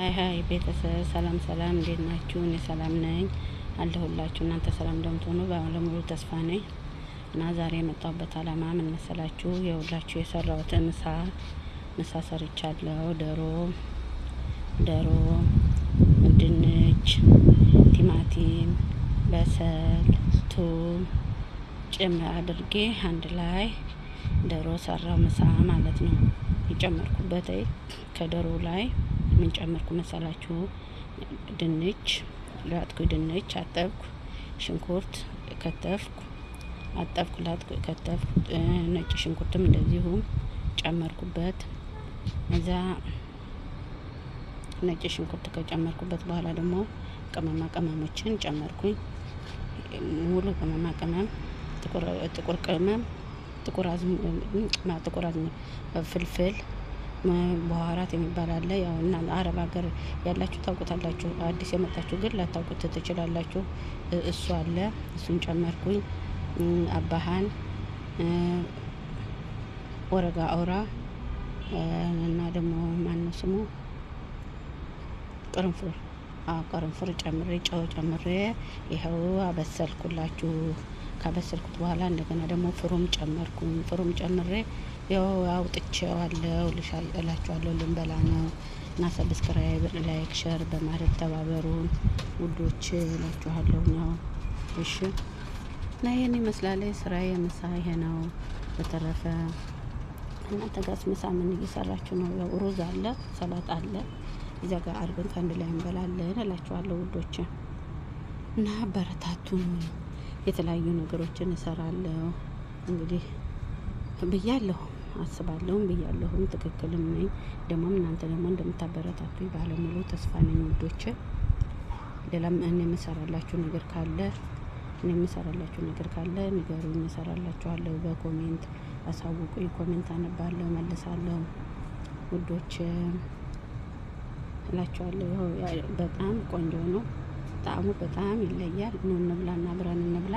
ሀይ ሀይ ቤተሰብ ሰላም ሰላም፣ እንዴት ናችሁ? እኔ ሰላም ነኝ አለሁላችሁ። እናንተ ሰላም እንደምትሆኑ ባለሙሉ ተስፋ ነኝ። እና ዛሬ የመጣሁበት አላማ ምን መሰላችሁ? የሁላችሁ የሰራሁት ምሳ ምሳ ሰርቻለሁ። ዶሮ ዶሮ፣ ድንች፣ ቲማቲም፣ በሰል፣ ቱም ጭምር አድርጌ አንድ ላይ ዶሮ ሰራው ምሳ ማለት ነው። የጨመርኩበት ከዶሮ ላይ ምን ጨመርኩ መሰላችሁ? ድንች ላጥኩ፣ ድንች አጠብኩ፣ ሽንኩርት ከተፍኩ፣ አጠብኩ፣ ላጥኩ፣ ከተፍኩ። ነጭ ሽንኩርትም እንደዚሁ ጨመርኩበት። እዛ ነጭ ሽንኩርት ከጨመርኩበት በኋላ ደግሞ ቅመማ ቅመሞችን ጨመርኩኝ። ሙሉ ቅመማ ቅመም፣ ጥቁር ቅመም፣ ጥቁር አዝሙ፣ ፍልፍል በኋራት የሚባል አለ። ያው እና አረብ ሀገር ያላችሁ ታውቁታላችሁ። አዲስ የመጣችሁ ግን ላታውቁት ትችላላችሁ። እሱ አለ፣ እሱን ጨመርኩኝ። አባሃን ወረጋ አውራ እና ደግሞ ማነው ስሙ ቅርንፉር ቅርንፉር ጨምሬ ጨው ጨምሬ ይኸው አበሰልኩላችሁ። ካበሰልኩት በኋላ እንደገና ደግሞ ፍሩም ጨመርኩኝ። ፍሩም ጨምሬ ያው አውጥቼዋለሁ እላችኋለሁ። ልንበላ ነው እና ሰብስክራይብ፣ ላይክ፣ ሸር በማድረግ ተባበሩን ውዶች እላችኋለሁ ነው። እሺ እና ይህን ይመስላል ስራ የምሳ ይሄ ነው። በተረፈ እናንተ ጋስ ምሳ ምን እየሰራችሁ ነው? ያው ሩዝ አለ፣ ሰላጣ አለ። እዚያ ጋር አድርገን ከአንድ ላይ እንበላለን እላችኋለሁ ውዶች እና በረታቱን፣ የተለያዩ ነገሮችን እሰራለሁ እንግዲህ ብያለሁ። አስባለሁም ብያለሁም ትክክልም ነኝ። ደግሞም እናንተ ደግሞ እንደምታበረታቱ ባለሙሉ ተስፋ ነኝ ውዶች። ሌላም እኔ የምሰራላችሁ ነገር ካለ እኔ የምሰራላችሁ ነገር ካለ ንገሩ፣ እንሰራላችኋለሁ። በኮሜንት አሳውቁ፣ ኮሜንት አነባለሁ፣ መልሳለሁ ውዶች እላችኋለሁ። በጣም ቆንጆ ነው። ጣዕሙ በጣም ይለያል። ኑ እንብላ እና አብረን እንብላ።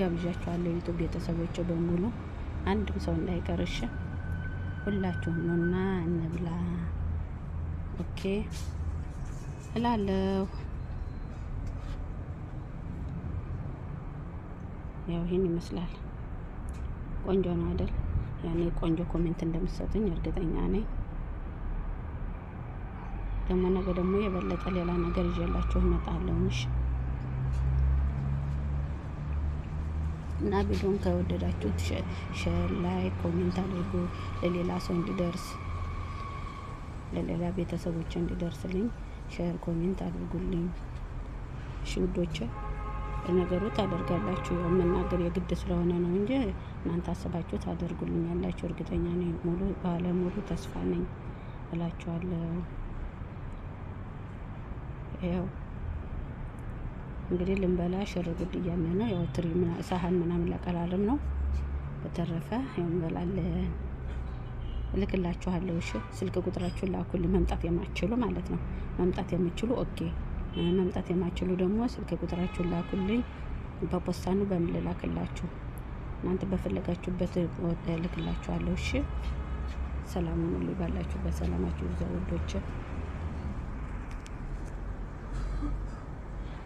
ገብዣቸዋለሁ ዩቱብ ቤተሰቦች በሙሉ አንድም ሰው እንዳይቀርሽ ሁላችሁም ኑና እንብላ። ኦኬ እላለሁ። ያው ይህን ይመስላል። ቆንጆ ነው አይደል? ያኔ ቆንጆ ኮሜንት እንደምትሰጡኝ እርግጠኛ ነኝ። ደግሞ ነገ ደግሞ የበለጠ ሌላ ነገር ይዤላችሁ እመጣለሁ። እና ቪዲዮን ከወደዳችሁት ሼር ላይ ኮሜንት አድርጉ። ለሌላ ሰው እንዲደርስ ለሌላ ቤተሰቦች እንዲደርስልኝ ሼር ኮሜንት አድርጉልኝ። እሺ ውዶቼ ነገሩ ታደርጋላችሁ። የምናገር የግድ ስለሆነ ነው እንጂ እናንተ አስባችሁ ታደርጉልኛላችሁ እርግጠኛ ነኝ። ሙሉ ባለሙሉ ተስፋ ነኝ እላችኋለሁ። ያው እንግዲህ ልንበላ ሽርጉድ እያለ ነው። ያው ትሪ ሳህን ምናምን ለቀላልም ነው። በተረፈ ያው እንበላለን። እልክላችኋለሁ። እሺ ስልክ ቁጥራችሁን ላኩልኝ። መምጣት የማችሉ ማለት ነው። መምጣት የምችሉ ኦኬ። መምጣት የማችሉ ደግሞ ስልክ ቁጥራችሁን ላኩልኝ። በፖስታኑ በምን ልላክላችሁ? እናንተ በፈለጋችሁበት እልክላችኋለሁ። እሺ ሰላሙን ሁሉ ባላችሁበት ሰላማችሁ ይብዛ